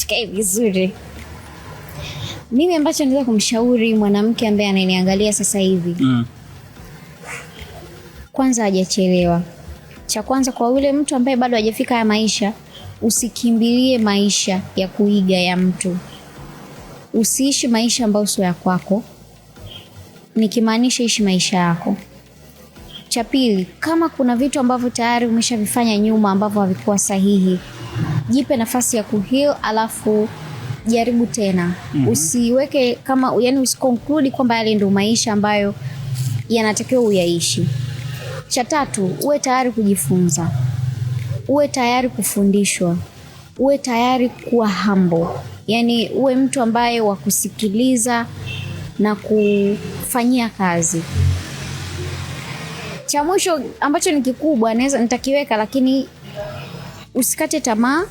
tukae vizuri. Mimi ambacho naweza kumshauri mwanamke ambaye ananiangalia sasa hivi mm. Kwanza hajachelewa. Cha kwanza kwa yule mtu ambaye bado hajafika haya maisha, usikimbilie maisha ya kuiga ya mtu, usiishi maisha ambayo sio ya kwako, nikimaanisha ishi maisha yako. Cha pili, kama kuna vitu ambavyo tayari umeshavifanya nyuma ambavyo havikuwa sahihi jipe nafasi ya kuheal alafu jaribu tena. mm -hmm. Usiweke kama yani, usiconclude kwamba yale ndio maisha ambayo yanatakiwa uyaishi. Cha tatu, uwe tayari kujifunza, uwe tayari kufundishwa, uwe tayari kuwa humble, yani uwe mtu ambaye wa kusikiliza na kufanyia kazi. Cha mwisho ambacho ni kikubwa naweza nitakiweka, lakini usikate tamaa,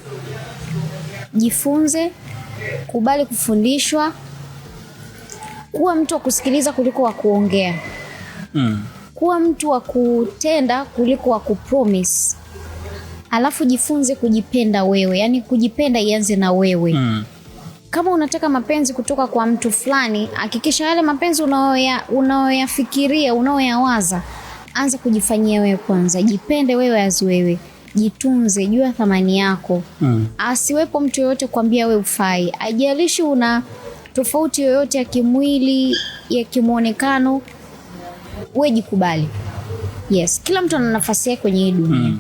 jifunze, kubali kufundishwa, kuwa mtu wa kusikiliza kuliko wa kuongea mm. Kuwa mtu wa kutenda kuliko wa kupromise, alafu jifunze kujipenda wewe, yaani kujipenda ianze na wewe mm. Kama unataka mapenzi kutoka kwa mtu fulani, hakikisha yale mapenzi unaoyafikiria unaoyawaza anza kujifanyia wewe kwanza, jipende wewe, wewe jitunze, jua thamani yako mm. Asiwepo mtu yoyote kuambia we ufai, ajalishi una tofauti yoyote ya kimwili, ya kimwonekano, we jikubali. Yes, kila mtu ana nafasi yake kwenye hii dunia mm.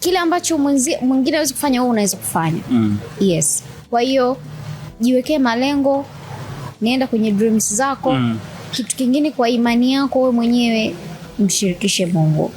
Kile ambacho mwingine awezi kufanya wewe unaweza kufanya mm. Yes, kwa hiyo jiwekee malengo, nienda kwenye dreams zako mm. Kitu kingine kwa imani yako wewe mwenyewe, mshirikishe Mungu.